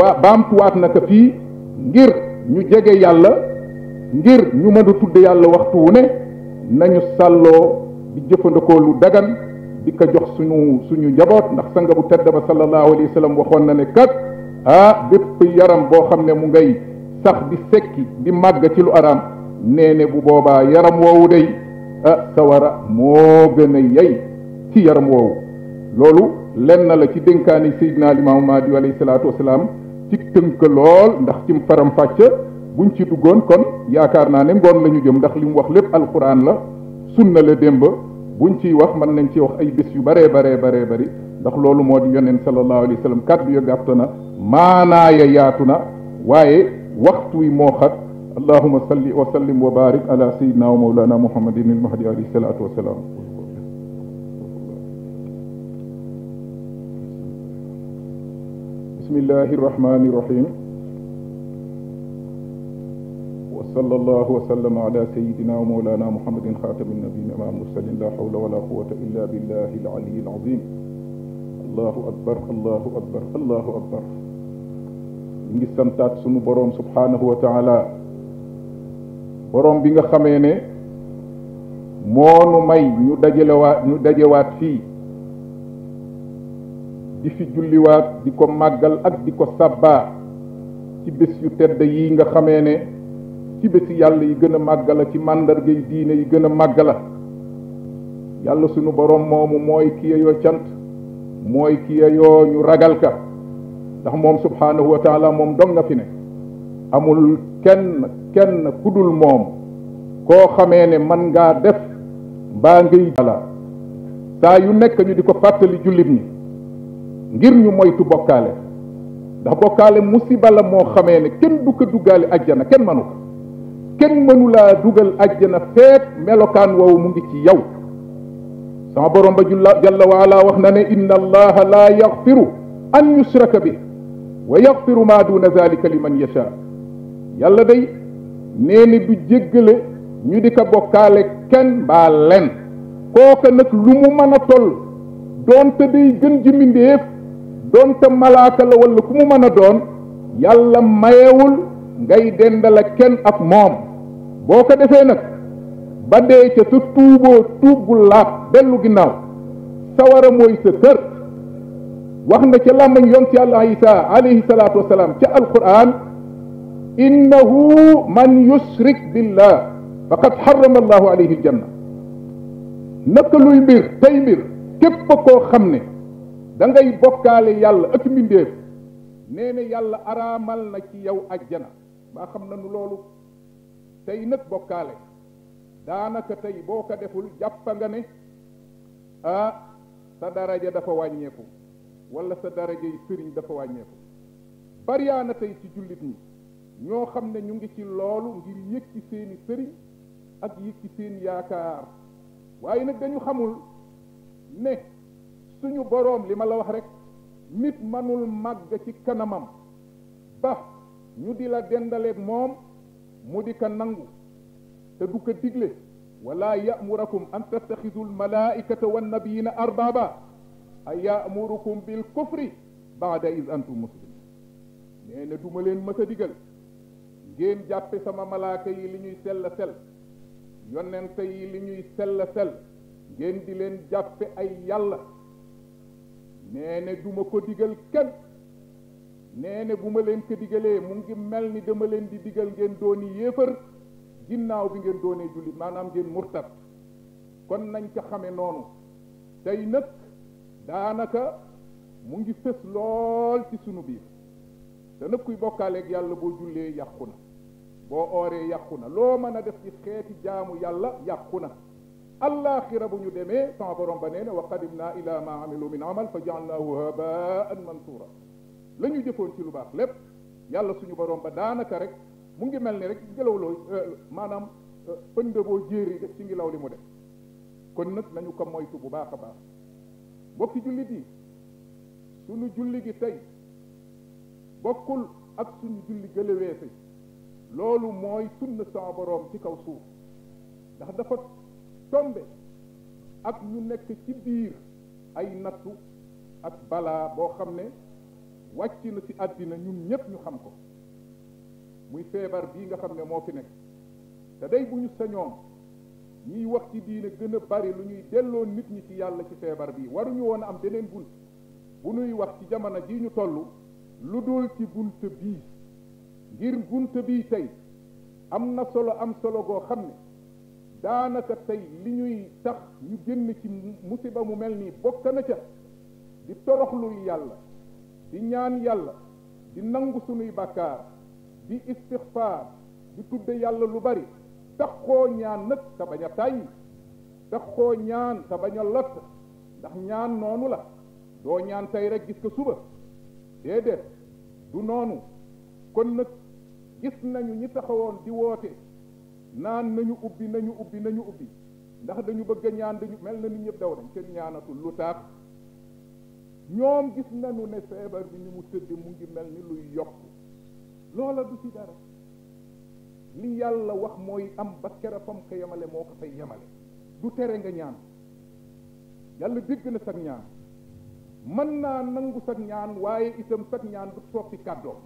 waa baamtuwaat na ko fii ngir ñu jege yàlla ngir ñu mën a tudde yàlla waxtu wu ne nañu sàlloo di jëfandikoo lu dagan di jox suñu suñu njaboot ndax sanga bu tedd ba sallallahu alayhi wa waxoon na ne kat ah bépp yaram boo xam ne mu ngay sax di sekki di màgg ci lu araam nee ne bu boobaa yaram woowu day ah sawara moo gën a yey ci yaram woowu loolu lenn la ci dénkaani Seydina Limaamu Mahdi alayhi salaatu wasalaam ci tënk lool ndax ci faram fàcc buñ ci duggoon kon yaakaar naa ne ngoon la ñu jëm ndax li mu wax lépp alxuraan la sunna la démb buñ ciy wax mën nañ ci wax ay bés yu baree baree baree bari ndax loolu moo di yoneen sallallahu alayhi wa sallam kàddu ya gàtt na maanaaya yaatu na waaye waxtu wi moo xat allahuma salli wa sallim wa barik ala sayyidina wa mawlana muhammadin al mahdi alayhi salaatu wa salaam bismillahi irrahmani irrahim wa salla allahu wa sallama ala wa taala boroom bi nga xamee ne moonu may ñu dajalewaat ñu fii di fi julliwaat di ko màggal ak di ko sàbbaa ci bés yu tedd yi nga xamee ne ci bési yàlla yi gën a màgg la ci màndarga yi diine yi gën a màgg la yàlla sunu borom moomu mooy ki yeyoo cant mooy ki yoo ñu ragal ka ndax moom subhaanahu wa moom dong nga fi ne amul kenn kenn kudul moom koo xamee ne man ngaa def mbaa ngay ala saa yu nekk ñu di ko fàttali jullit ñi ngir ñu moytu bokkaale ndax bokkaale musiba la moo xamee kenn du ko duggaale ajjana kenn mënu ko kenn mënulaa dugal ajjana feet melokaan woowu mu ngi ci yow sama borom ba julla jalla waala wax na ne inna allaha laa yaxfiru an yushraka bi wa yaxfiru maa duna zalika liman yasha yàlla day nee ni du jéggale ñu di ko bokkaale kenn mbaa len kooka nag lu mu mën a toll doonte day gën ji mbindéef doonte malaaka la walla ku mu mën a doon yàlla mayewul ngay dendal kenn ak moom boo ko defee nag ba dee ca sa tuuboo tuub gu laab ginnaaw sawara mooy sa wax na ca làmmañ yoon ci yàlla isa alayhi salaatu wasalaam ca alquran innahu man yushrik billah faqad xarama allahu alayhi aljanna naka luy mbir tey mbir képp koo xam ne da ngay bokkaale yàlla ak mbindeef nee na yàlla araamal na ci yow ajjana maa xam na loolu tey nag bokkaale daanaka tey boo ko deful jàppa nga ne ah, sa daraja dafa wàññeeku wala sa daraja yi sëriñ dafa wàññeeku bariyaa na tey ci jullit ñi ñoo xam ne ñu ngi ci loolu ngir yëg ci seeni sëriñ ak yëg ci seen yaakaar waaye nag dañu xamul ne suñu boroom li ma la wax rek mit manul màgg ci kanamam ba ñu di la dendaleeg moom mu di ko nangu te du ko digle wala yamurakum an tattaxidu almalaikata wannabiyina arbaba a yamurukum bil kufri baada is antum muslimin nee na duma leen mës a ngeen jàppe sama malaaka yi li ñuy sell sell yonente yi li ñuy sell sell ngeen di leen jàppe ay yàlla nee ne du ma ko digal kenn nee ne bu ma leen ko digalee mu ngi mel ni dama leen di digal ngeen dooni yéefar ginnaaw bi ngeen doonee jullit maanaam ngeen murtat kon nañ ca xame noonu tey nag daanaka mu ngi fës lool ci sunu biir te nag kuy bokkaaleeg yàlla boo jullee yàqu na boo ooree yàqu na loo mën a def ci xeeti jaamu yàlla yàqu na allaaxira bu ñu demee sama borom ba nee na wa qadimna ila ma amilu min amal fa jaalnaahu habaan mansuura la ñu jëfoon ci lu baax lépp yàlla suñu borom ba daanaka rek mu ngi mel ni rek ngelaw loo euh, maanaam euh, pënd boo jéeri def li mu def kon nag nañu ko moytu bu baax a baax mbokki jullit yi suñu julli gi tey bokkul ak suñu julli gëlëweese loolu mooy sunna sama borom ci kaw suuf ndax dafa tombe ak ñu nekk ci biir ay nattu ak balaa boo xam ne wàcc na ci àddina ñun ñëpp ñu xam ko muy feebar bii nga xam ne moo ki nekk te day bu ñu sañoon ñiy wax ci diine gën a bari lu ñuy delloo nit ñi ci yàlla ci feebar bii waruñu woon a am beneen bunt bu ñuy wax ci jamono ji ñu toll lu dul ci bunt bii ngir bunt bii tey am na solo am solo goo xam ne daanaka tey li ñuy tax ñu génn ci musiba mu mel nii bokk ca di toroxlul yàlla di ñaan yàlla di nangu sunuy bàkkaar di istixfaar di tudde yàlla lu bari taxoo ñaan nag te bañ a tàyyi taxoo ñaan te bañ a lott ndax ñaan noonu la doo ñaan tey rek gis ko suba déedéet du noonu kon nag gis nañu ñi taxawoon di woote naan nañu ubbi nañu ubbi nañu ubbi ndax dañu bëgg a ñaan dañu mel na ni ñëpp daw dañ kenn ñaanatul lu tax ñoom gis nañu ne feebar bi ni mu tëdd mu ngi mel ni luy yokk loola du ci dara li yàlla wax mooy am ba kera fam ko yemale moo ko fay yemale du tere nga ñaan yàlla dégg na sag ñaan mën naa nangu sag ñaan waaye itam sag ñaan du soppi kàddoom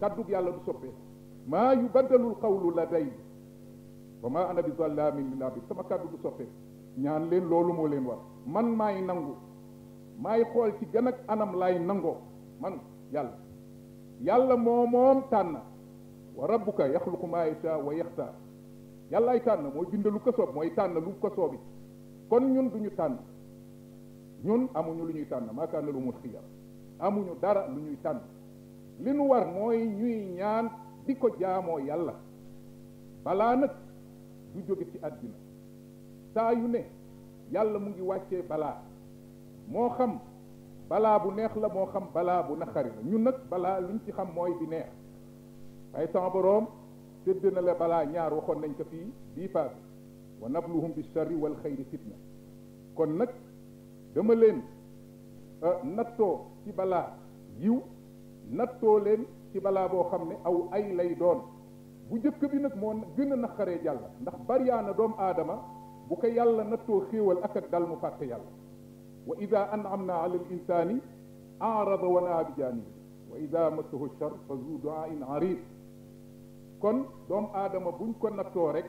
kàddug yàlla du soppee maa yubaddalu l la laday wa maa ana bi zallaamin lil abiid sama kàddu du soppee ñaan leen loolu moo leen war man maay nangu maay xool ci gën ak anam laay nangoo man yàlla yàlla moo moom tànn wa rabbuka yaxluqu maa yashaa wa yaxtaar yàllaay tànn mooy bind lu ko soob mooy tànn lu ko soobi kon ñun duñu tànn ñun amuñu lu ñuy tànn maa kaana lahumul xiyar amuñu dara lu ñuy tànn li nu war mooy ñuy ñaan di ko jaamoo yàlla balaa nag du jóge ci àddina saa yu ne yàlla mu ngi wàccee balaa moo xam balaa bu neex la moo xam balaa bu naqari la ñun nag balaa liñ ci xam mooy bi neex ay temps boroom sédd na la balaa ñaar waxoon nañ ko fii bii paase wa nabluhum bi sharri wal xayri fitna kon nag dama leen euh, nattoo ci balaa yiw nattoo leen ci balaa boo xam ne aw ay lay doon bu njëkk bi nag moo gën a naqaree jàll ndax bariyaana doomu aadama bu ko yàlla nattoo xéewal ak dal mu fàtte yàlla wa ida anamna ala al insani arada wa naa bi jaanibi wa ida massahu char fa zu duain arid kon doomu aadama buñ ko nattoo rek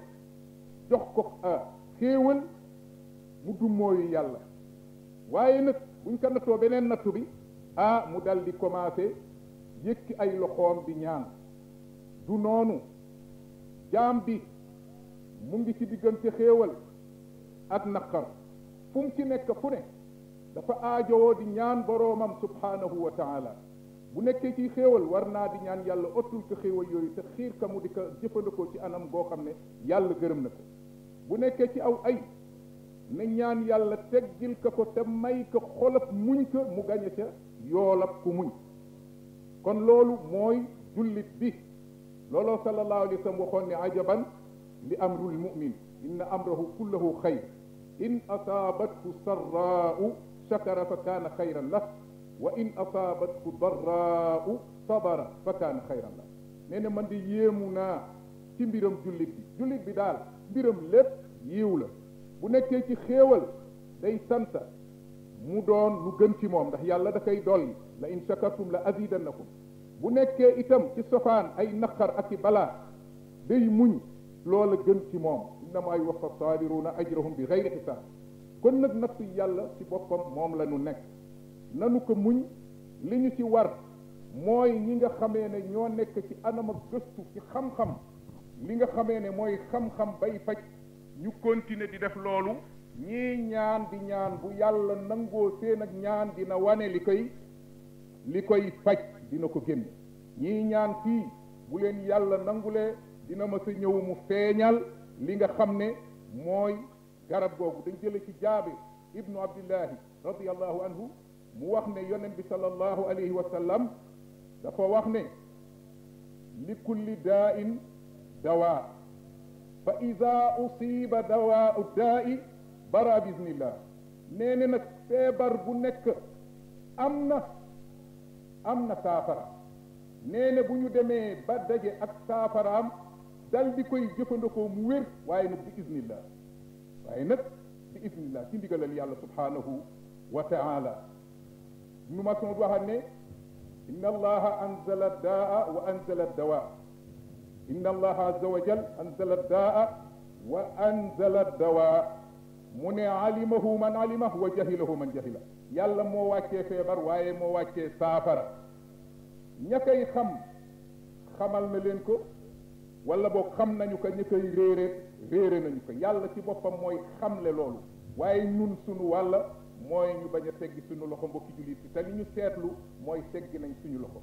jox ko xéewal mu dummóoyu yàlla waaye nag buñ ko nattoo beneen nattu bi ah mu dal di commencé yëkki ay loxoom di ñaan du noonu jaam bi mu ngi ci diggante xéewal ak naqar fu ci nekk fu ne dafa aajowoo di ñaan boroomam subhaanahu wa taala bu nekkee ci xéewal war naa di ñaan yàlla otul ko xéewal yooyu te xiir ka mu di ko jëfandikoo ci anam goo xam ne yàlla gërëm na ko bu nekkee ci aw ay na ñaan yàlla teggil ka ko te may ko xolab muñ ko mu gañe ca yoolab ku muñ kon loolu mooy jullit bi looloo sallallahu alayhi wa sallam waxoon ne ajaban li amrul mumin inna amrahu kullahu xayr in asaabathu sarraau shakara fa kaana xayran la wa in asaabathu darraau sabara fa kaana xayran la nee na man di yéemu naa ci bi daal mbiram lépp yiw bu nekke ci xéewal day sant mu doon lu gën ci moom ndax yàlla da koy dolli la in shakartum la azidannakum bu nekkee itam ci sofaan ay naqar ak i balaa day muñ lool a gën ci moom innama yuwaffa saabiruna ajrahum bi xayri xisaab kon nag nattu yàlla ci boppam moom la ñu nekk nanu ko muñ li ñu ci war mooy ñi nga xamee ne ñoo nekk ci anam ak gëstu ci xam-xam li nga xamee ne mooy xam-xam bay faj ñu continuer di def loolu ñii ñaan di ñaan bu yàlla nangoo seen ak ñaan dina wane li koy li koy faj dina ko génn ñii ñaan fii bu leen yàlla lee dina ma sa ñëw mu feeñal li nga xam ne mooy garab googu dañ jële ci jaabir ibnu abdillahi radiallahu anhu mu wax ne yonent bi sallallahu alayhi wa sallam dafa wax ne li kulli daa in fa ida usiba dawa u daa i bara nee ne nag seebar bu nekk am na am na saafara nee na bu ñu demee ba daje ak saafaraam dal di koy jëfandikoo mu wér waaye nag bi iznillah waaye nag bi iznillah subhaanahu wa taala ibnu Mas'ud waxaat ne inna allaha anzala daa wa anzala dawaa inna allaha azza wa jal anzala daa wa anzala dawaa mu ne alimahu man alimahu wa jahilahu man jahila yàlla moo wàccee feebar waaye moo wàccee saafara ña koy xam xamal na leen ko walla boog xam nañu ko ña koy réere réere nañu ko yàlla ci boppam mooy xamle loolu waaye ñun sunu wàlla mooy ñu bañ a teggi suñu loxo mbokki jullit si te li ñu seetlu mooy teggi nañ suñu loxo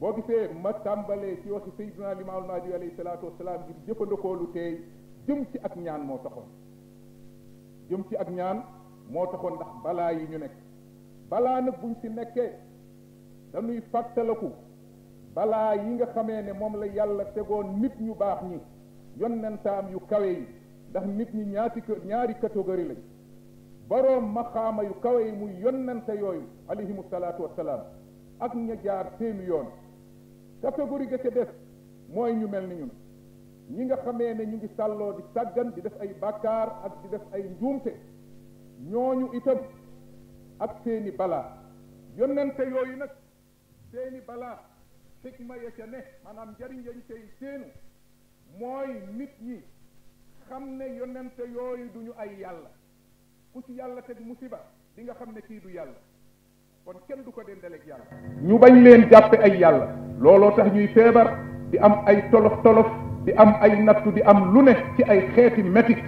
boo gisee ma tàmbalee ci waxi sayyidina limaamul mahdi alayhi salaatu wasalaam ngir jëfandikoo lu teey jëm ci ak ñaan moo taxoon jëm ci ak ñaan moo taxoon ndax balaa yi ñu nekk balaa nag buñ si nekkee dañuy fàttaliku balaa yi nga xamee ne moom la yàlla tegoon nit ñu baax ñi yonnentaam yu kawe yi ndax nit ñi ñaati ñaari catégorie lañ boroom maxaama yu kawe yi muy yonnente yooyu alayhimu salaatu wassalaam ak ña jaar seeni yoon catégorie ga ca def mooy ñu mel ni ñun ñi nga xamee ne ñu ngi sàlloo di sàggan di def ay bàkkaar ak di def ay njuumte ñooñu itam ak seeni balaa yonente yooyu nag seeni balaa xikma ya ca ne maanaam njariñ yañ cay séenu mooy nit ñi xam ne yonente yooyu duñu ay yàlla ku ci yàlla teg musiba di nga xam ne kii du yàlla kon kenn du ko dendaleeg yàlla ñu bañ leen jàppe ay yàlla looloo tax ñuy feebar di am ay tolof tolof di am ay nattu di am lu ne ci ay xeeti metit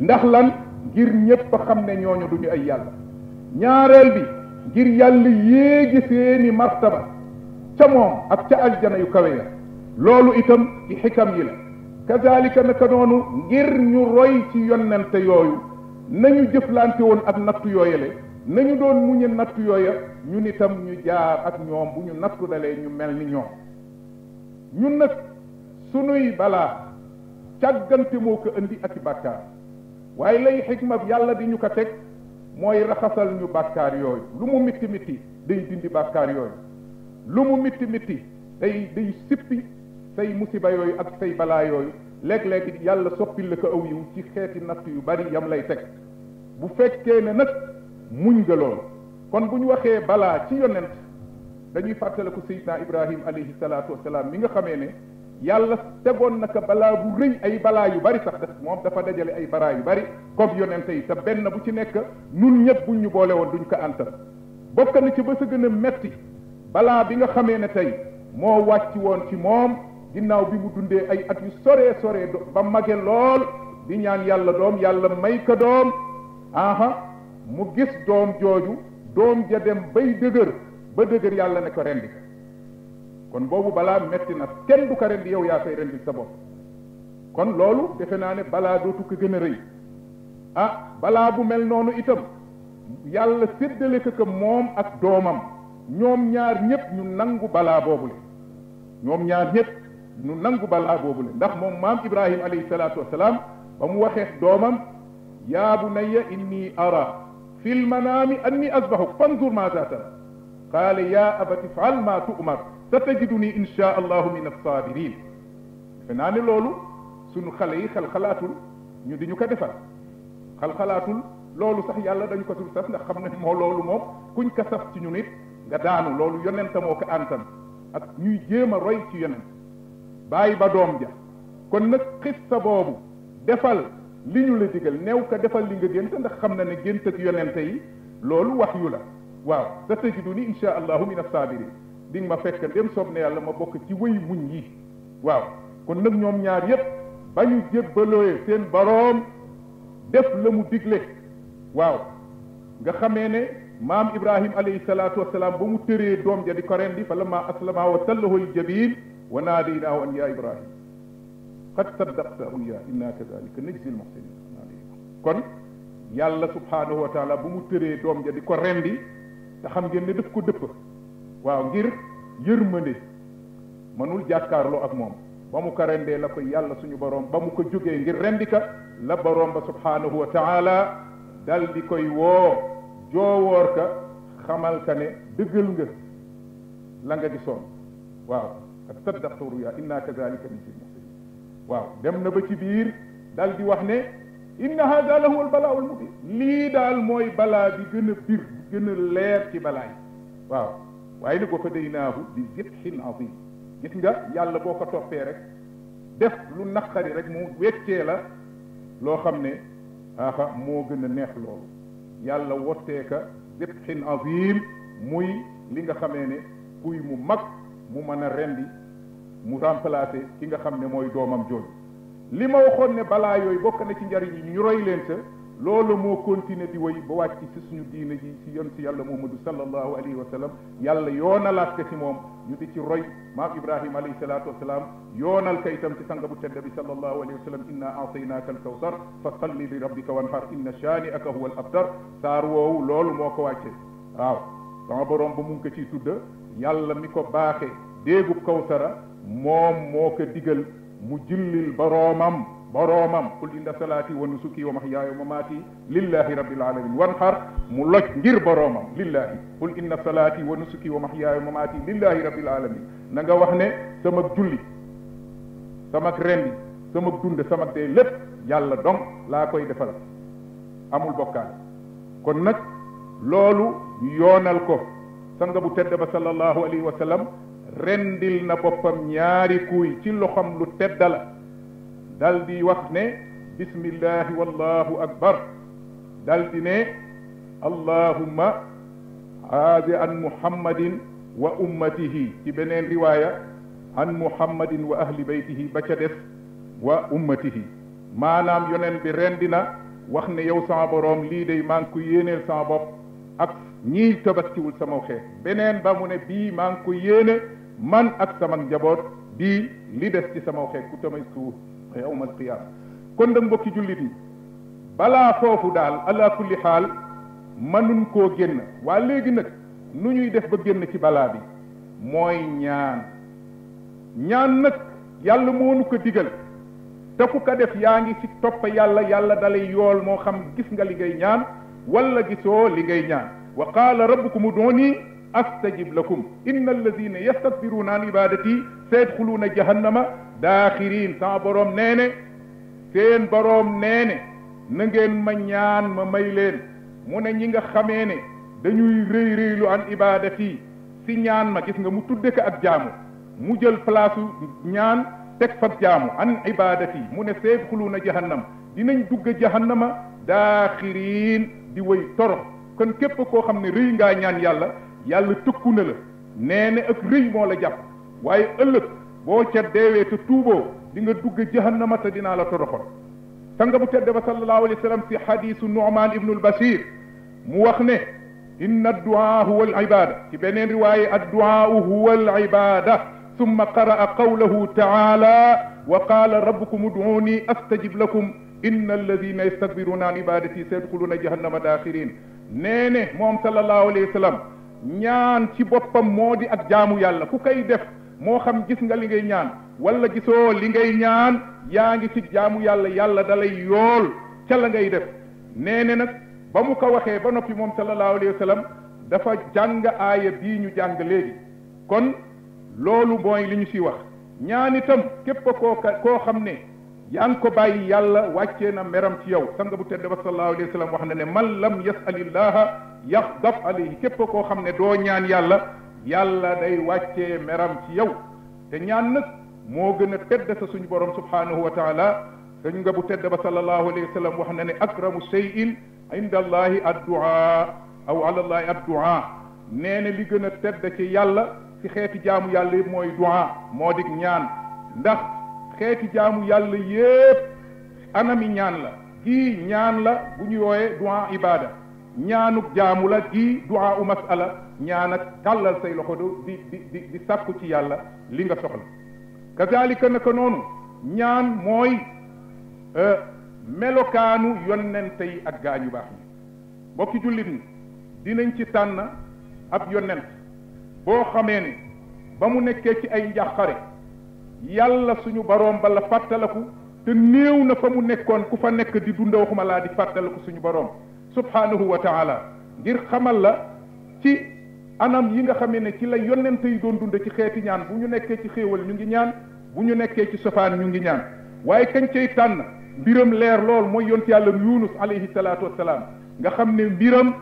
ndax lan ngir ñépp xam ne ñooñu duñu ay yàlla ñaareel bi ngir yàlla yéegi seeni martaba ca moom ak ca aljana yu kawe ya loolu itam ci xikam yi la kazalika naka noonu ngir ñu roy ci yonente yooyu nañu jëflante woon ak nattu yooyale nañu doon muñe nattu yooya ñun itam ñu jaar ak ñoom bu ñu nattu dalee ñu mel ni ñoom ñun nag sunuy balaa càggante moo ko indi ak i bàkkaar waaye lay xikma yàlla di ñu ko teg mooy raxasal ñu bàkkaar yooyu lu mu mitti mitti day dindi bàkkaar yooyu lu mu mitti mitti day day sippi say musiba yooyu ak say balaa yooyu léeg-léeg yàlla soppil la ko aw yiw ci xeeti natt yu bari yam lay teg bu fekkee ne nag muñ nga kon bu ñu waxee balaa ci yonent dañuy fàttaliku Seydina Ibrahim alayhi salaatu wasalaam mi nga xamee ne yàlla tegoon naka balaa bu rëy ay balaa yu bari sax def moom dafa dajale ay balaa yu bari comme yonente tey te benn bu ci nekk nun ñëpp buñ ñu boole woon duñ ko antal bokk na ci ba sa gën a metti balaa bi nga xamee ne tey moo wàcc woon ci moom ginnaaw bi mu dundee ay at yu soree soree ba mage lool di ñaan yàlla doom yàlla may ko doom aha mu gis doom jooju doom ja dem bay dëgër ba dëgër yàlla ne ko rendi kon boobu balaa metti na kenn du ko rendi yow yaa koy rendil sa bopp kon loolu defe naa ne balaa dootu gën a rëy ah balaa bu mel noonu itam yàlla séddale ko ko moom ak doomam ñoom ñaar ñëpp ñu nangu balaa boobule ñoom ñaar ñëpp ñu nangu balaa boobule ndax moom maam Ibrahim alayhi salaatu wasalaam ba mu waxee doomam yaa bunayya inni ara fi lmanaami anni asbaxuk fanzur maa zaa tara qaala yaa abati faal maa tu'mar satajiduni insha allahu min assabirin defe naa ne loolu sunu xale yi xel xalaatul ñu di ñu ko defal xel xalaatul loolu sax yàlla dañu ko sul sas ndax xam ne moo loolu moom kuñ ko saf ci ñu nit nga daanu loolu yonent moo ko antan ak ñuy jéem a roy ci yonent bàyyi ba doom ja kon nag xissa boobu defal li ñu la digal neew ko defal li nga gént ndax xam na ne gént ak yonente yi loolu wax yu la waaw satajiduni insha allahu min assabirin di nga ma fekk dem soob na yàlla ma bokk ci wëy muñ yi waaw kon nag ñoom ñaar yëpp ba ñu jébbalooyee seen boroom def la mu digle waaw nga xamee ne maam ibrahim alayhi salaatu wasalaam ba mu tëree doom ja di ko rendi fa lamma aslama wa tallahu aljabiin wa naadaynaahu an yaa ibrahim qad saddaqta ruya inna ko rendi te xam ngeen ne daf ko dëpp waaw ngir yërmande mënul jàkkaarloo ak moom ba mu ko rendee la ko yàlla suñu borom ba mu ko jógee ngir rendi ka la borom ba subhanahu wa taala di koy woo joowoor ka xamal ka ne dëggal nga la nga gisoon waaw ak saddaqtu ruya inna kadalika min fil muhsinin waaw dem na ba ci biir dal di wax ne inna hada la huwa albalaa almubin lii daal mooy balaa bi gën a bir gën a leer ci balaa yi waaw waaye ni ko fa day naahu bi zibhin azim gis nga yàlla boo ko toppee rek def lu naqari rek mu weccee la loo xam ne aaxa moo gën a neex loolu yàlla wottee ka zibhin azim muy li nga xamee ne kuy mu mag mu mën a rendi mu remplacer ki nga xam ne mooy doomam jooju li ma waxoon ne balaa yooy bokk na ci njariñ yi ñu roy leen sa loolu moo continuer di woy ba wàcc si suñu diine ji ci yon si yàlla Muhammadu sallallahu alayhi wa sallam yàlla yoonalaat ko ci moom ñu di ci roy maam Ibrahima alayhi salaatu wa salaam yoonal ka itam ci sanga bu tedd bi sallallahu alayhi wa sallam inna aataynaaka alkawsar fa salli li rabbika wanhar inna shaani'aka huwa al abtar saar woowu loolu moo ko wàcce waaw sama borom ba mu ngi ko ciy tudda yàlla mi ko baaxe déegub kawsara moom moo ko digal mu jullil boroomam boroomam qul inna salaati wa nusuki wa mahyaaya mamaati lillahi rabbil alamin wan xar mu loj ngir boroomam lillahi qul inna salaati wa nusuki wa mahyaaya mamaati lillahi rabbil alamin na wax ne sama julli sama rendi sama dund sama dee lépp yàlla dong laa koy defal amul bokkaale kon nag loolu yoonal ko sanga bu tedd ba sallallahu alayhi wa sallam rendil na boppam ñaari kuuy ci loxam lu tedda dal di wax ne bismillahi wallahu akbar dal di ne allahumma haadi an muhammadin wa ummatihi ci beneen riwaaya an muhammadin wa ahli baytihi ba ca des wa ummatihi maanaam yonent bi rendi na wax ne yow sama boroom lii day maa ngi koy yéeneel sama bopp ak ñiy tabaskiwul sama xeet beneen ba mu ne bii maa ngi koy man ak sama njaboot bii li des ci sama xeet ku tamay yawmal qiyaama kon da mbokki jullit yi balaa foofu daal ala kulli xaal mënuñ koo génn waa léegi nag nu ñuy def ba génn ci balaa bi mooy ñaan ñaan nag yàlla moo nu ko digal te ku ko def yaa ngi ci topp yàlla yàlla dalay yool moo xam gis nga li ngay ñaan wala gisoo li ngay ñaan wa qaala rabbukum ud'uuni astajib lakum inna alladina yastakbiruna an ibadati sayadxuluuna jahannama daaxirin sama boroom nee ne seen boroom nee ne na ngeen ma ñaan ma may leen mu ne ñi nga xamee ne dañuy rëy rëylu an ibadati si ñaan ma gis nga mu tudde ko ak jaamu mu jël place ñaan teg fa jaamu an ibadati mu ne na jahannama dinañ dugg jahannama daaxirin di way torox kon képp koo xam ne rëy ngaa ñaan yàlla yàlla tëkku na la nee na ak rëy moo la jàpp waaye ëllëg boo ca deewee te tuuboo di nga dugg jahannama te dinaa la toroxal sanga bu tedde ba sallallahu alayhi wa sallam si xadiisu Nu'man ibnu al-Bashir mu wax ne inna adduaa huwa al ibada ci beneen riwaaye adduaau huwa al ibada summa qaraa qawlahu taala wa qaala rabbukum ud'uuni astajib lakum inna alladina yastakbiruna an ibadati sayadxuluna jahannama daaxirin nee ne moom sallallahu alayhi wa sallam ñaan ci boppam moo di ak jaamu yàlla ku koy def moo xam gis nga li ngay ñaan wala gisoo li ngay ñaan yaa ngi ci jaamu yàlla yàlla dalay yool ca la ngay def nee ne nag ba mu ko waxee ba noppi moom sallallahu alayhi wa sallam dafa jàng aaya bii ñu jàng léegi kon loolu mooy li ñu ci wax ñaan itam képp koo koo xam ne yaa ngi ko bàyyi yàlla wàccee na meram ci yow sang bu tedd ba sallallahu alayhi wa sallam wax na ne man lam yasalillaha yaxdaf alayhi képp koo xam ne doo ñaan yàlla yàlla day wàccee meram ci yow te ñaan nag moo gën a tedd sa suñu borom subhanahu wa taala dañ nga bu tedd ba sallallahu alayhi wa sallam wax na ne akramu cheyin inda allahi addua aw ala allahi addua nee na li gën a tedd ci yàlla ci xeeti jaamu yàlla yëpp mooy dua moo dig ñaan ndax xeeti jaamu yàlla yëpp anami ñaan la kii ñaan la bu ñu wooyee dua ibaada ñaanu jaamu la di duwaa u masala ñaan ak tàllal say loxo di di di di ci yàlla li nga soxla kazalika naka noonu ñaan mooy e, melokaanu yonente yi ak gaañu baax ñi mbokki jullit ñi dinañ ci tànn ab yonent boo xamee ni ba mu nekkee ci ay njàqare yàlla suñu boroom bala fàttaliku te néew na fa mu nekkoon ku fa nekk di dund waxuma laa di fàttaliku suñu boroom subhanahu wa taala ngir xamal la ci anam yi nga xamee ne ci la yonente yi doon dund ci xeeti ñaan bu ñu nekkee ci xéewal ñu ngi ñaan bu ñu nekkee ci sopaan ñu ngi ñaan waaye kañ cay tànn mbiram leer lool mooy yont yàlla yunus alayhi salaatu wassalaam nga xam ne mbiram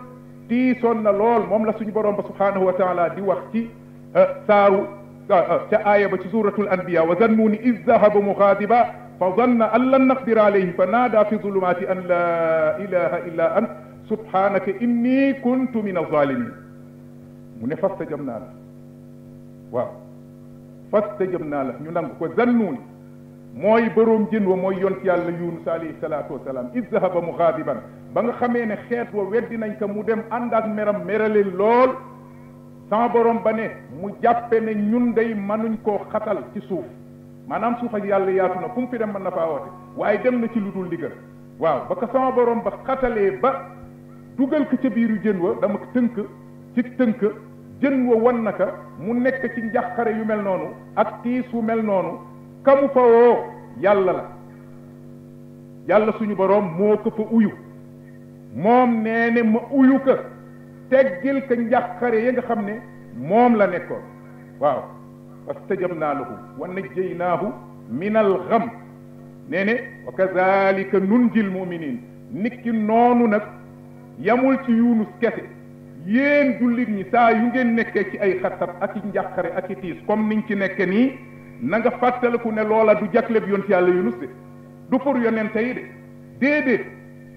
tiisoon na lool moom la suñu borom ba subhanahu wa taala di wax ci eh, saaru eh, eh, ca aaya ba ci suratul anbiya wa zannuuni iz zahaba muxaadiba فظن أن لن نقدر عليه فنادى في الظلمات أن لا إله إلا أنت سبحانك إني كنت من الظالمين من فاستجبنا له waaw fastajabnaa la ñu nangu ko zannuuni mooy boroom wa mooy yont yàlla yunus alayhi salaatu wasalaam iz zahaba muxaadiban ba nga xamee ne xeet wa weddi nañ ko mu dem ànd ak meram merale lool sama borom ba ne mu jàppe ne ñun day mënuñ koo xatal ci suuf maanaam suuf ak yàlla yaatu na fu mu fi dem mën na faa waaye dem na ci lu dul ndigal waaw ba ko sama borom ba xatalee ba dugal ko ca biiru jën wa dama tënk ci tënk jën wa wan na ka mu nekk ci njaxare yu mel noonu ak tiis wu mel noonu kamu fa woo yàlla la yàlla suñu borom moo ko fa uyu moom nee ne ma uyu ka teggil ka njaxare ya nga xam ne moom la nekkoon waaw fastajabnaa lahu wa najjaynaahu min alxam nee ne wa kazalika nunjil muminin nit ki noonu nag yamul ci yunus kese yéen jullit ñi saa yu ngeen nekkee ci ay xat-xat ak i njàqare ak i tiis comme niñ ci nekke nii na nga fàttaliku ne loola du jagleb yonent yàlla yunus de du pour yonente yi de déedéet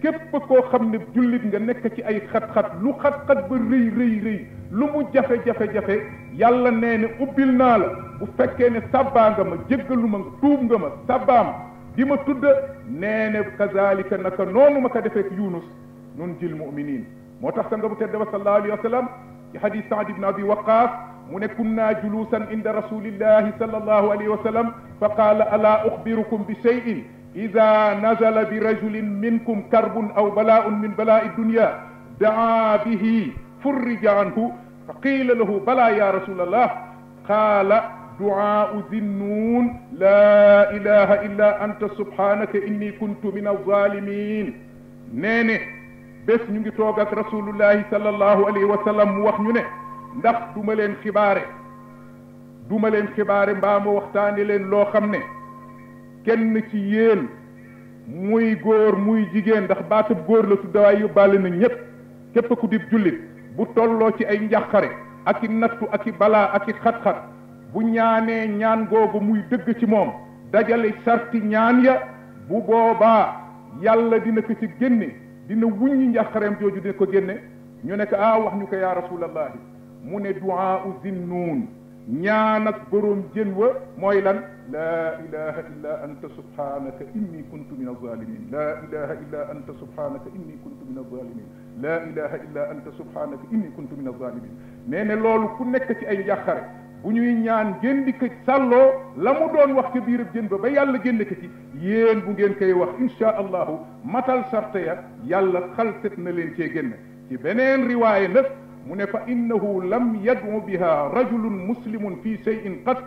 képp koo xam ne jullit nga nekk ci ay xat-xat lu xat-xat ba rëy rëy rëy lu mu jafe-jafe-jafe yàlla nee ne ubbil naa la bu fekkee ne sabbaa nga ma lu ma tuub nga ma sabbaam di ma tudd nee ne kazalika naka noonu ma ko defeek yunus nun jil muminin moo tax sanga bu tedda ba sallallahu alayhi wa sallam ci hadis saad ibne abi waqaas mu ne kunna julusan inda rasulillahi sallallahu alayhi wa sallam fa qaala ala uxbirukum bi cheyin ida nazala bi rajulin minkum karbun aw bala'un min bala'i dunya daa bihi furrija anhu fa qiila lahu bala ya rasul allah qaala duaau dinnuun laa ilaha illa anta subhanaka inni kuntu min alzalimin nee ne bés ñu ngi toog ak rasulullahi sallallahu alayhi wa sallam mu wax ñu ne ndax duma leen xibaare duma leen xibaare mbaa ma waxtaane leen loo xam ne kenn ci yéen muy góor muy jigéen ndax baatab góor la tudda waaye yóbbaale na ñépp képp ku di jullit bu tolloo ci ay njàqare ak i nattu ak i balaa ak i xat-xat bu ñaanee ñaan googu muy dëgg ci moom dajale sarti ñaan ya bu boobaa yàlla dina ko ci génne dina wuññi njàqareem jooju dina ko génne ñu nekk ko ah wax ñu ko yaa rasulallahi mu ne duaa u zinnuun ñaan ak boroom jën wa mooy lan laa ilaha illa anta subhanaka inni kuntu min alzalimin laa ilaha illa anta subhanaka inni kuntu min alzalimin laa ilaha illa anta subhanaka inni kuntu min alzalimin nee ne loolu ku nekk ci ay njàqare bu ñuy ñaan ngeen di ko sàlloo la mu doon wax ca biirab jën ba ba yàlla génne ko ci yéen bu ngeen koy wax insha allahu matal sarte ya yàlla xalset na leen cee génn ci beneen riwaaye nag mu ne fa innahu lam yad'u biha rajulun muslimun fi shay'in qat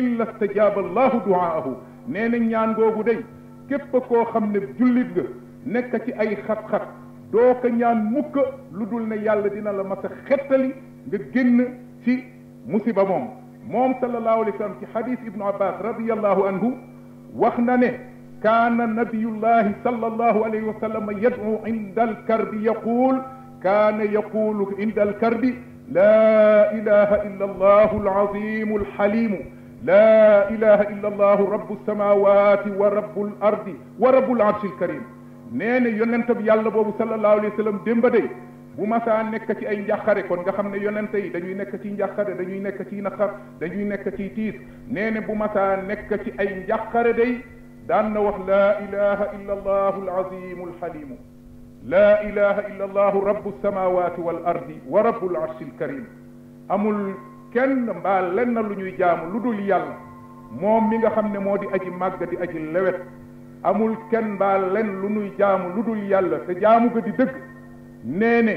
illa stajaaba allahu duaahu nee na ñaan googu day képp koo xam ne jullit nga nekk ci ay xat-xat doo ko ñaan mukk lu dul ne yàlla dina la mas a xettali nga génn ci musiba moom moom sallallahu alayhi wa sallam ci xadis ibnu abbas radiallahu anhu wax na ne kaana nabiyullahi sallallahu alayhi wa sallam yad'u inda alkarbi yaqul kaana yaqulu inda alkarbi laa ilaha illa allahu alazimu alxalimu laa ilaha illa allahu rabbu samawati wa rabbul ardi wa rabbul arshil karim nee na yonentab yàlla boobu sallallahu alayhi wa sallam démba day bu masaa nekk ci ay njàqare kon nga xam ne yonente yi dañuy nekk ci njàqare dañuy nekk ci naqar dañuy nekk ci tiis nee na bu masaa nekk ci ay njàqare day daan na wax laa ilaha illa allahu alazimu alxalimu laa ilaha illa allahu rabbu samawati wal ardi wa rabbul arshil karim amul kenn mbaal lenn lu ñuy jaamu lu dul yàlla moom mi nga xam ne moo di aji màgg di aji lewet amul kenn mbaa lenn lu ñuy jaamu lu dul yàlla te jaamu ko di dëgg nee ne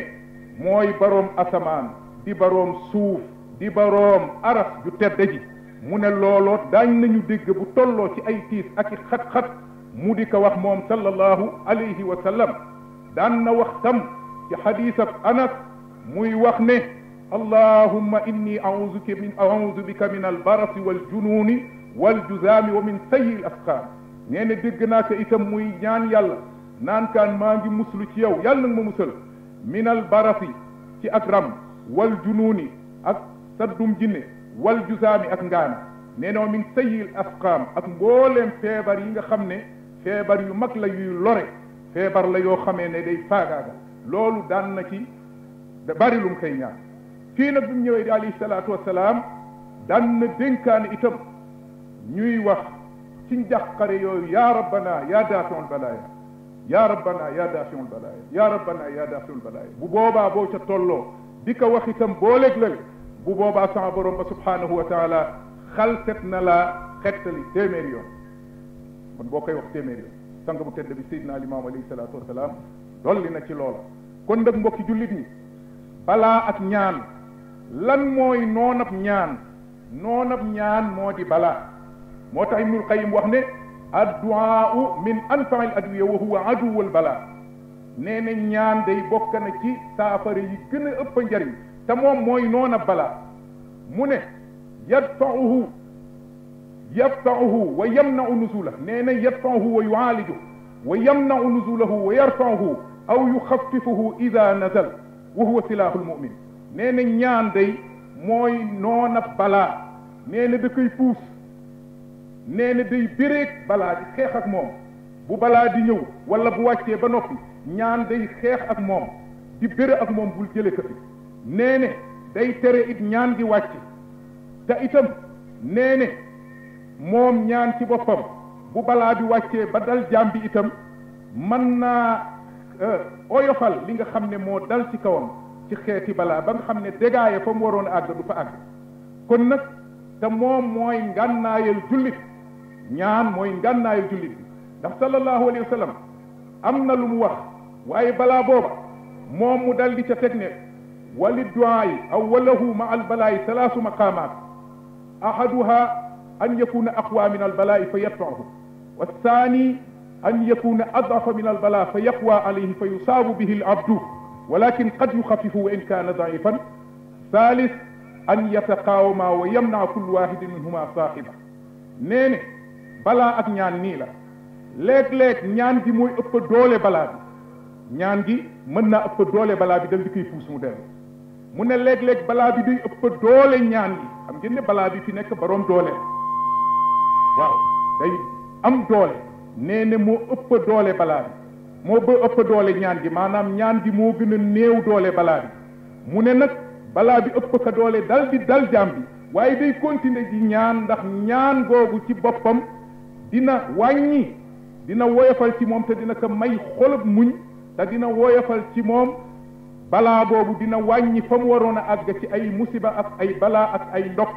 mooy baroom asamaan di baroom suuf di baroom aras ju tedd ji mu ne looloo daañ nañu dégg bu tolloo ci ay tiis ak i xat-xat mu di ko wax moom sallallahu alayhi wa daan na wax tam ci xadiisab anas muy wax ne allahumma inni auzuka min auzu bika min albarasi waljunuuni waljuzaami wa min sayyi asqaam nee na dégg naa ko itam muy ñaan yàlla naan kaan maa muslu ci yow yàlla nag ma musal min albarasi ci ak ram waljunuuni ak saddum jinne waljuzaami ak ngaana nee na min sayyi asqaam ak mbooleem feebar yi nga xam ne feebar yu mag la yuy lore feebar la yoo xamee ne day faagaagal loolu daan na ci bari lu mu kii nag bu mu ñëwee di alayhi salaatu wasalaam daan na dénkaane ñuy wax ci njàqare yooyu yaa rabbana yaa daafiul balaaya ya rabbana yaa daafiul balaaya yaa rabbana yaa daafiul balaaya bu boobaa boo ca tolloo di ko wax bu boobaa sama borom ba subhaanahu wa taala xalset na laa xettali téeméeri kon boo koy wax téeméeri yoon sang bu tedd bi Seydina Limaam alayhi salaatu wasalaam dolli na ci lool kon nag mbokki jullit ñi balaa ak ñaan lan mooy noonab ñaan noonab ñaan moo di balaa moo tax ibnul qayim wax ne adduaau min anfail adwiya wa huwa aduwal balaa nee na ñaan day bokk na ci saafara yi gën a ëpp njariñ te moom mooy noonab balaa mu ne yadfauhu yadfauhu wa yamnau nuzula nee na yadfauhu wa yuaalijo wa yamnau nuzulahu wa yarfauhu aw yuxafifuhu ida nazal wa huwa silaahu lmumin nee na ñaan day mooy noona balaa nee na da koy puus nee day béréeg balaa di xeex ak moom bu balaa di ñëw wala bu wàccee ba noppi ñaan day xeex ak moom di béré ak moom bul jële ko fi day tere it ñaan di wàcc te itam nee moom ñaan ci boppam bu balaa bi wàccee ba dal jaam bi itam mën naa euh, oyofal li nga xam ne moo dal ci kawam ci xeeti balaa ba nga xam ne dégaaye fa mu waroon àgg du fa àgg kon nag te moom mooy ngànnaayal jullit ñaan mooy ngànnaayal jullit bi ndax sallallahu alayhi wa sallam am na lu mu wax waaye balaa booba moom mu dal di ca teg ne wali duaay aw walahu ma al balaayi salaasu maqaamaat ahaduha an yakuna aqwa min al balaayi fa yatbaahu wa saani an yakuna adafa min al balaa fa yaqwa alayhi fa yusaabu bihi al abdu ولكن قد يخفف وإن كان ضعيفا ثالث أن يتقاوما ويمنع كل واحد منهما صاحبه nee ne balaa ak ñaan nii la léeg-léeg ñaan gi mooy ëpp doole balaa bi ñaan gi mën naa ëpp doole balaa bi dal di koy puus mu dellu mu ne léeg-léeg balaa bi day ëpp doole ñaan gi xam ngeen ne balaa bi fi nekk boroom doole waaw day am doole nee ne moo ëpp doole balaa bi moo ba ëpp doole ñaan bi maanaam ñaan bi moo gën a néew doole balaa bi mu ne nag balaa bi ëpp ka doole dal di dal jaam bi waaye day continuer di ñaan ndax ñaan googu ci boppam dina wàññi dina woyofal ci moom te may xolob muñ te dina woyofal ci moom balaa boobu dina wàññi fa mu waroon a àgg ci ay musiba ak ay balaa ak ay ndog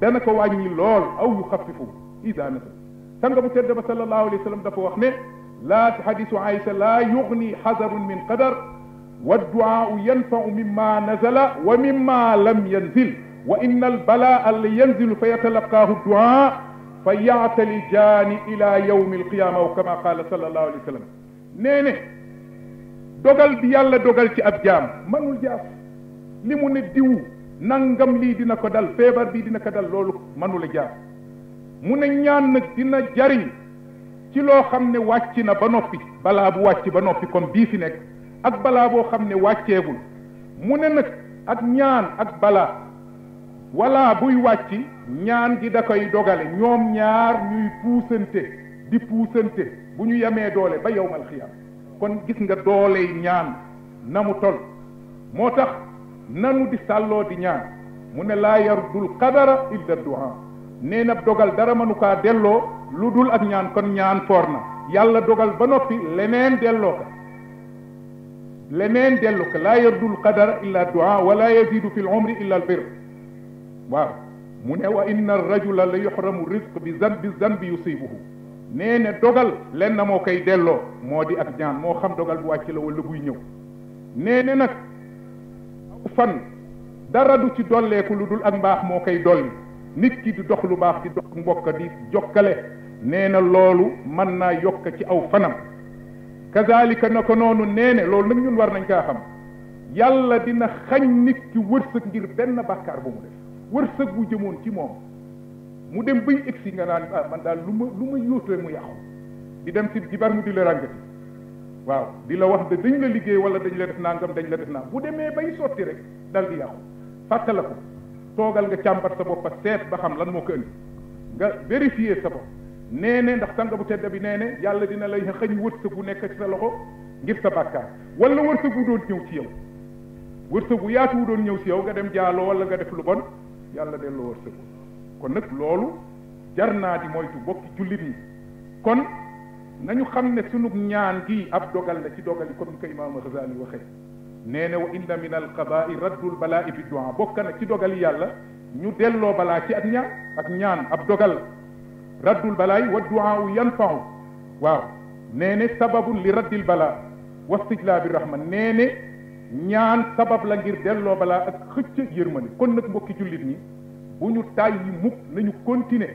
dana ko wàññi lool aw yu xafifu ida nasa sanga bu tedd ba sallallahu alayhi wa sallam dafa wax ne laa hadisu Aïsa laa yuxni xadarun min qadar والدعاء ينفع مما نزل ومما لم ينزل وإن البلاء اللي ينزل فيتلقاه الدعاء فيعتلي الجاني إلى يوم القيامة وكما قال صلى الله عليه وسلم نيني dogal bi yàlla dogal ci ab jaam mënul jaaf li mu ne diw nangam lii dina ko dal feebar bii dina ko dal loolu mënula jaaf mu ne ñaan nag dina jariñ ci loo xam ne wàcc na ba noppi balaa bu wàcc ba noppi kon bii fi nekk ak balaa boo xam ne wàcceegul mu ne nag ak ñaan ak balaa wala buy wàcc ñaan gi da koy dogale ñoom ñaar ñuy puusante di puusante bu ñu yamee doole ba yowmal xiyam kon gis nga dooley ñaan na mu tol moo tax nanu di sàlloo di ñaan mu ne laa yardul qadara illa du'a nee na dogal dara mënu kaa delloo lu dul ak ñaan kon ñaan foor na yàlla dogal ba noppi leneen delloo ko leneen dellu ko laa yardul qadara illa duaa wala yazidu fi l umri illa al bir waaw mu ne wa inna rajula la yuxramu risq bi zanbi zanbi yusibuhu nee ne dogal lenn moo koy delloo moo di ak ñaan moo xam dogal bu wàcc la wala buy ñëw nee ne nag fan dara du ci dolleeku lu dul ak mbaax moo koy dolli nit ki di dox lu baax di dox mbokk di jokkale nee na loolu mën naa yokk ci aw fanam kazalika na ko noonu nee ne loolu nag ñun war nañ kaa xam yàlla dina xañ nit ki wërsëg ngir benn bàkkaar bu mu def wërsëg bu jëmoon ci moom mu dem bay egsi nga naan ah man daal lu ma lu ma yóotee mu yàqu di dem ci jibar mu di la ràngati waaw di la wax de dañ la liggéey wala dañ la def nangam dañ la def naa bu demee bay sotti rek dal di yàqu fàttala toogal nga càmbar sa bopp seet ba xam lan moo ko indi nga vérifier sa bopp nee ne ndax sang bu tedd bi nee ne yàlla dina lay xëñ wërsëg bu nekk ci sa loxo ngir sa bàkkaar wala wërsëg bu doon ñëw ci yow wërsëg bu yaatu wu doon ñëw ci yow nga dem jaaloo wala nga def lu bon yàlla delloo wërsëg kon nag loolu jar naa di moytu bokki jullit ñi kon nañu xam ne sunu ñaan gi ab dogal la ci dogal yi comme ni ko imaam Xasaali waxee nee na wa inna min alqadaai raddul balaa'i bi du'a bokk na ci dogali yàlla ñu delloo balaa ci ak ñax ak ñaan ab dogal raddul balaa'i wa du'a yanfa'u waaw nee ne sababun li raddil balaa wa stijlaabi rahma nee ne ñaan sabab la ngir delloo balaa ak xëcc yërmande kon nag mbokki jullit ñi bu ñu tàyyi mukk nañu continuer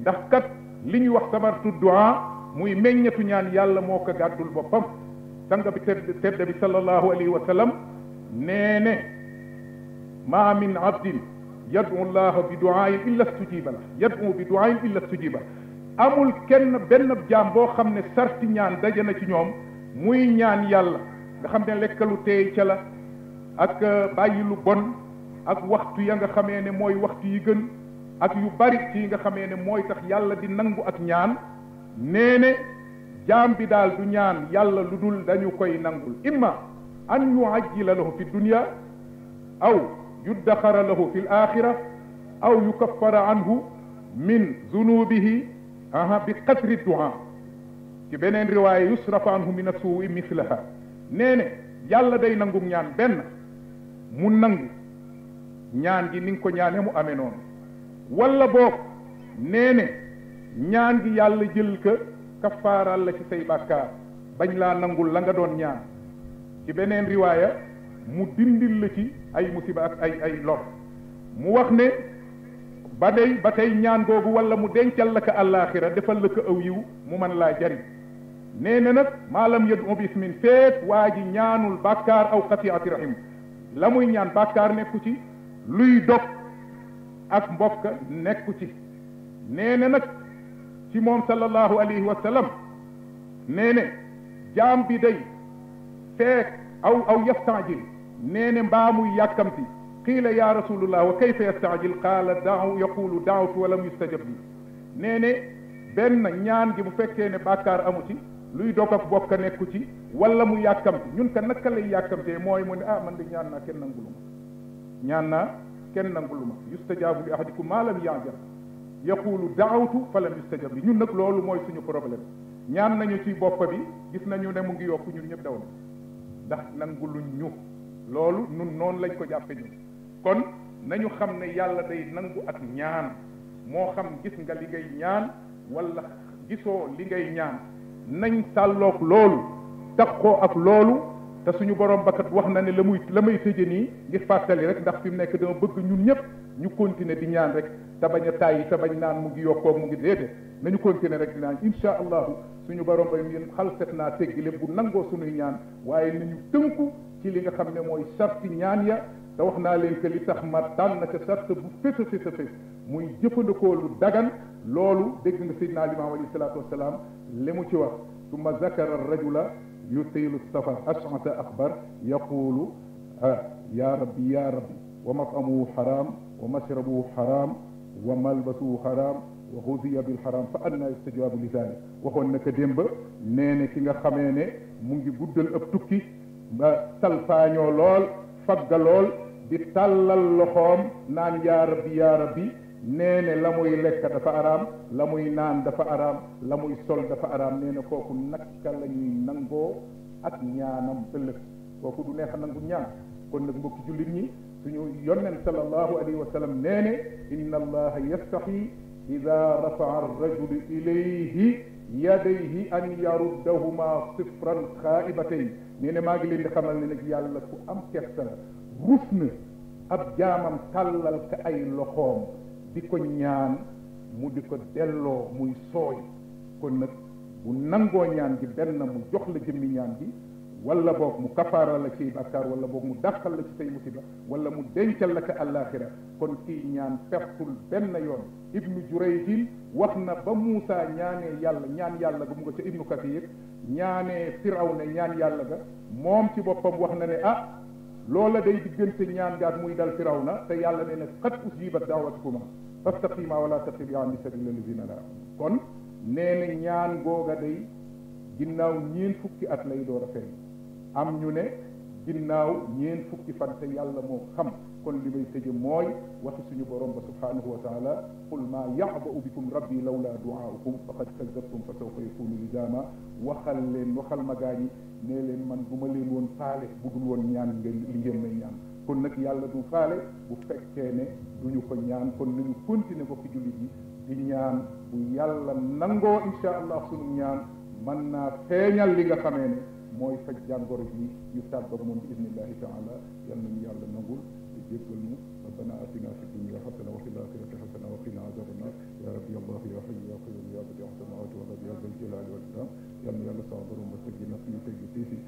ndax kat li ñuy wax samartu du'a muy meññetu ñaan yàlla moo ko gàddul boppam sang bi tedd tedd bi sallallahu alayhi wa sallam nee ne maa min abdin yadu llaha bi duaayin illa stujiba la yadu bi duaayin illa stujiba amul kenn benn jaam boo xam ne sarti ñaan daje na ci ñoom muy ñaan yàlla nga xam ne lekkalu teey ca ak euh, bàyyi bon ak waxtu ya nga xamee ne mooy waxtu yi gën ak yu bari ci yi nga xamee ne mooy tax yàlla di nangu ak ñaan nee jaam bi daal du ñaan yàlla lu dul dañu koy nangul imma an yuajjila lahu fi dunya aw yuddaxara lahu fi l axira aw yukaffara anhu min zunubihi aha bi qadri du'a ci beneen riwaaya yusrafa anhu min assuui mislaha nee ne yàlla day nangu ñaan benn mu nangu ñaan gi ni nga ko ñaane mu amee noonu boog nee ñaan gi yàlla jël ka kaffaaral la ci say bàkkaar bañ laa nangul la nga doon ñaan ci beneen riwaaya mu dindil la ci ay musiba ak ay ay lor mu wax ne ba dey ba tey ñaan googu wala mu dencal la ko àllaaxira defal la ko aw yiw mu mën laa jariñ nee na nag maalam yadu bismin feet waa ji ñaanul bàkkaar aw xatiati rahim la muy ñaan bàkkaar nekku ci luy dog ak mbokk nekku ci nee nag ci moom sallallahu alayhi wa sallam nee ne jaam bi day feek aw aw yastaajil nee ne mbaa muy yàkkamti qiila ya rasulullah wa kayfa yastaajil qaala daaw yaqulu daawtu wa lam yustajab li nee ne benn ñaan gi bu fekkee ne bàkkaar amu ci luy dog ak bokk nekku ci wala mu yàkkamti ñun ka naka lay yàkkamtee mooy mu ne ah man de ñaan naa kenn nangulu ma ñaan naa kenn nangulu ma yustajaabu li ahadikum maa lam yaajal yaqulu daawtu falam yustajab bi ñun nag loolu mooy suñu problème ñaan nañu ci bopp bi gis nañu ne mu ngi yokk ñun ñëpp daw na ndax nanguluñ ñu loolu nun noonu lañ ko jàppe ñun kon nañu xam ne yàlla day nangu ak ñaan moo xam gis nga li ngay ñaan wala gisoo li ngay ñaan nañ sàlloog loolu takkoo ak loolu te suñu borom bakat wax na ne la muy la may tëje nii ngir fàttali rek ndax fi mu nekk dama bëgg ñun ñëpp ñu continuer di ñaan rek te bañ a tàyyi te bañ naan mu ngi yokkoo mu ngi déedéet nañu continuer rek di naan incha allahu suñu borom ba ñun xal set naa teggi lépp bu nangoo suñuy ñaan waaye nañu tënku ci li nga xam ne mooy sarti ñaan ya te wax naa leen que li tax ma tànn ca sart bu fés a fés a fés muy jëfandikoo lu dagan loolu dégg nga seydina limaam alayhi salaatu wasalaam li mu ci wax summa zakara rajula yutilu safar ashata akbar yaqulu ah ya rabbi ya rabbi wa matamuhu haram wa mashrabuhu xaraam wa malbasuhu xaraam wa xusiya bil xaraam fa anna yustajaabu li daalik waxoon na ko démb nee na ki nga xamee ne mu ngi guddal ëpp tukki ba salfaañoo lool fagga lool di tàllal loxoom naan yaa rabbi yaa rabbi nee ne la muy lekk dafa araam la naan dafa aram la muy sol dafa araam nee na kooku naka la ñuy nangoo ak ñaanam ëllëg kooku du neex a nangu ñaan kon nag mbokki jullit ñi suñu yonent sallallahu alayhi wa sallam nee ne inna allaha yastaxi ida rafaa arrajulu ilayhi yadayhi an yaruddahuma sifran xaaibatayn nee ne maa ngi leen di xamal ne nag yàlla ku am kersa la rus na ab jaamam tàllal ka ay loxoom di ko ñaan mu di ko delloo muy sooy kon nag bu nangoo ñaan gi benn mu jox la jëmmi ñaan gi wala boog mu kafaara la ci ciy bàkkaar wala boog mu dàqal la ci say musiba wala mu dencal la ka àllaaxira kon kii ñaan pertul benn yoon ibnu jurayjin wax na ba Muusa ñaanee yàlla ñaan yàlla ga mu nga ca ibnu kathir ñaanee firawna ñaan yàlla ga moom ci boppam wax na ne ah loola day diggante ñaan gaat muy dal firawna te yàlla ne na xat ujibat dawatukuma fastaqima wala tattabi an sabila lazina la kon nee na ñaan googa day ginnaaw ñeen fukki at lay doo a am ñu ne ginnaaw ñeen fukki fan te yàlla moo xam kon li may tëje mooy waxi suñu borom ba subhanahu wa taala qul maa ya'ba'u bikum rabbi lawla du'aa'ukum faqad kazzabtum fa sawfa yakunu lizaama waxal leen waxal ma gaa ñi nee leen man bu ma leen woon faale bu dul woon ñaan nga li ngeen may ñaan kon nag yàlla du faale bu fekkee ne du ñu ko ñaan kon nañu continuer ko fi jullit yi di ñaan bu yàlla nangoo insha allah suñu ñaan man naa feeñal li nga xamee ne mooy faj jàngoro ji ñu tàggat moom bi idnillahi taala yal nañu yàlla nangul te jéggal ñu rabbana atina fi dunya hasana wa fil akhirati hasana wa qina azaban nar ya rabbi allah ya hayyu ya qayyum ya badi'u samawati wal ardi ya dhal jalali wal ikram yal na yàlla sa borom ba teggi nag ñu teggi fii